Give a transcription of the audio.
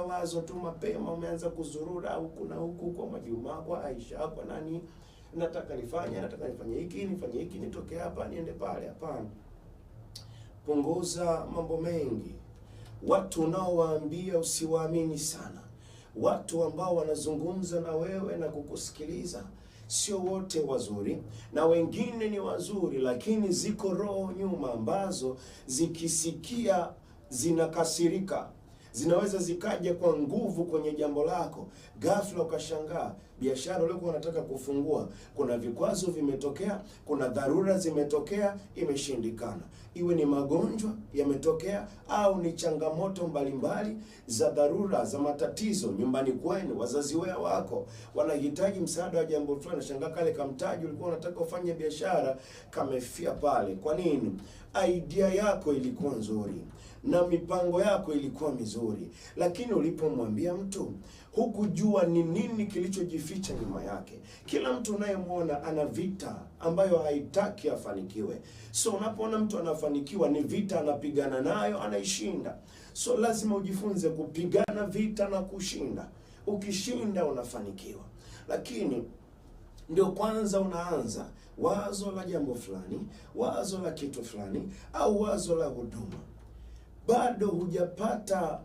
umepata wazo tu mapema, umeanza kuzurura huku na huku, kwa majuma kwa Aisha, kwa nani, nataka nifanye, nataka nifanye hiki, nifanye hiki, nitoke hapa niende pale. Hapana, punguza mambo mengi. Watu unaowaambia usiwaamini sana. Watu ambao wanazungumza na wewe na kukusikiliza sio wote wazuri, na wengine ni wazuri, lakini ziko roho nyuma ambazo zikisikia zinakasirika zinaweza zikaja kwa nguvu kwenye jambo lako. Ghafla ukashangaa biashara uliokuwa unataka kufungua, kuna vikwazo vimetokea, kuna dharura zimetokea, imeshindikana. Iwe ni magonjwa yametokea, au ni changamoto mbalimbali mbali, za dharura za matatizo nyumbani kwenu, wazazi wea wako wanahitaji msaada wa jambo fulani. Nashangaa kale kamtaji ulikuwa unataka ufanye biashara kamefia pale. Kwa nini? idea yako ilikuwa nzuri na mipango yako ilikuwa mizuri, lakini ulipomwambia mtu hukujua ni nini kilichojificha nyuma yake. Kila mtu unayemwona ana vita ambayo haitaki afanikiwe. So unapoona mtu anafanikiwa, ni vita anapigana nayo, anaishinda. So lazima ujifunze kupigana vita na kushinda. Ukishinda unafanikiwa, lakini ndio kwanza unaanza wazo la jambo fulani, wazo la kitu fulani, au wazo la huduma, bado hujapata